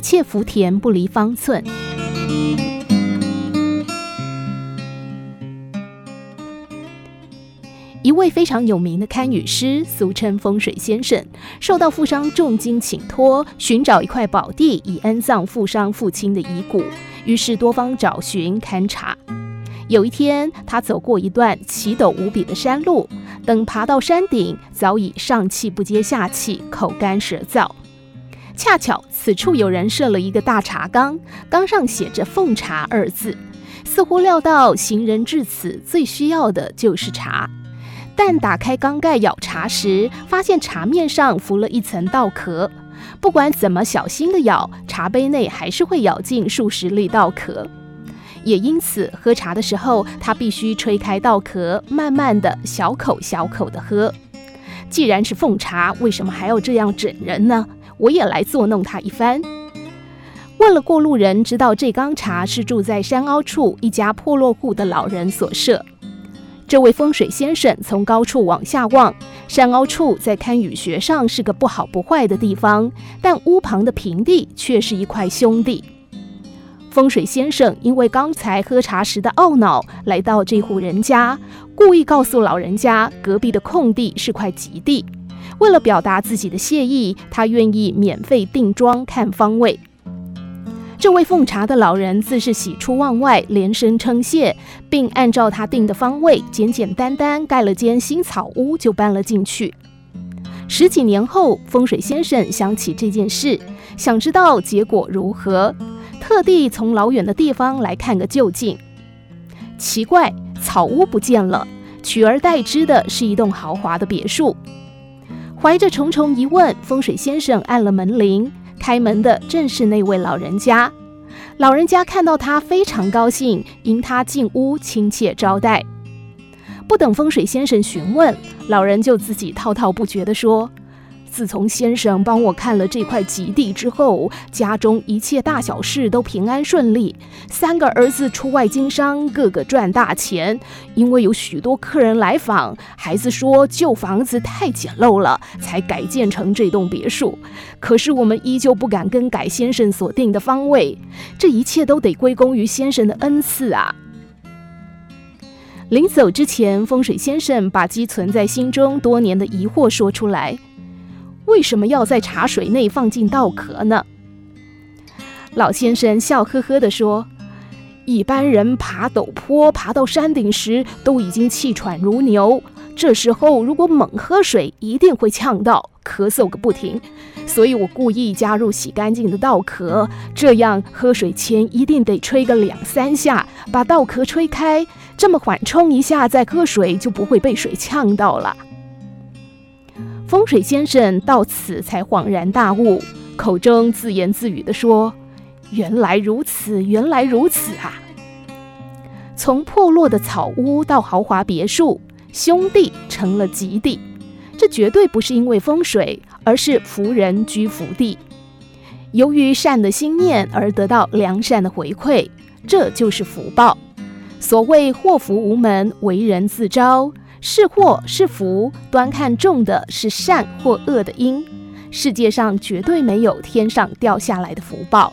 一切福田不離方寸。一位非常有名的堪輿師，俗稱風水先生，受到富商重金請託，尋找一塊寶地以安葬富商父親的遺骨。於是多方找尋勘察。有一天，他走過一段奇陡無比的山路，等爬到山頂，早已上氣不接下氣，口乾舌燥。恰巧此處有人設了一個大茶缸，缸上寫着“奉茶”二字，似乎料到行人至此最需要的就是茶。但打開缸蓋舀茶時，發現茶面上浮了一層稻殼。不管怎麼小心的舀，茶杯內還是會舀進數十粒稻殼。也因此，喝茶的時候他必須吹開稻殼，慢慢的小口小口的喝。既然是奉茶，為什麼還要這樣整人呢？我也來作弄他一番。問了過路人，知道這缸茶是住在山凹處一家破落戶的老人所設。這位風水先生從高處往下望，山凹處在堪輿學上是個不好不壞的地方，但屋旁的平地卻是一塊兇地。風水先生因為剛才喝茶時的懊惱，來到這戶人家，故意告訴老人家，隔壁的空地是塊吉地。為了表達自己的謝意，他願意免費定樁，看方位。這位奉茶的老人自是喜出望外，連聲稱謝，並按照他定的方位，簡簡單單，單蓋了間新草屋，就搬了進去。十幾年後，風水先生想起這件事，想知道結果如何，特地從老遠的地方來看個究竟。奇怪，草屋不見了，取而代之的是一棟豪華的別墅。懷着重重疑問，風水先生按了門鈴。開門的正是那位老人家。老人家看到他非常高興，迎他進屋，親切招待。不等風水先生詢問，老人就自己滔滔不絕地說。自從先生幫我看了這塊吉地之後，家中一切大小事都平安順利。三個兒子出外經商，個個賺大錢。因為有許多客人來訪，孩子說舊房子太簡陋了，才改建成這棟別墅。可是我們依舊不敢更改先生所定的方位。這一切都得歸功於先生的恩賜啊！臨走之前，風水先生把積存在心中多年的疑惑說出來。為什麼要在茶水內放進稻殼呢？老先生笑呵呵地說：“一般人爬陡坡，爬到山頂時都已經氣喘如牛。這時候如果猛喝水，一定會嗆到，咳嗽個不停。所以我故意加入洗乾淨的稻殼，這樣喝水前一定得吹個兩三下，把稻殼吹開，這麼緩衝一下，再喝水就不會被水嗆到了。”風水先生到此才恍然大悟，口中自言自語地說：“原來如此，原來如此啊！”從破落的草屋到豪華別墅，兇地成了吉地，這絕對不是因為風水，而是福人居福地。由於善的心念而得到良善的回饋，這就是福報。所謂禍福無門，惟人自召。是禍是福，端看種的是善或惡的因。世界上絕對沒有天上掉下來的福報。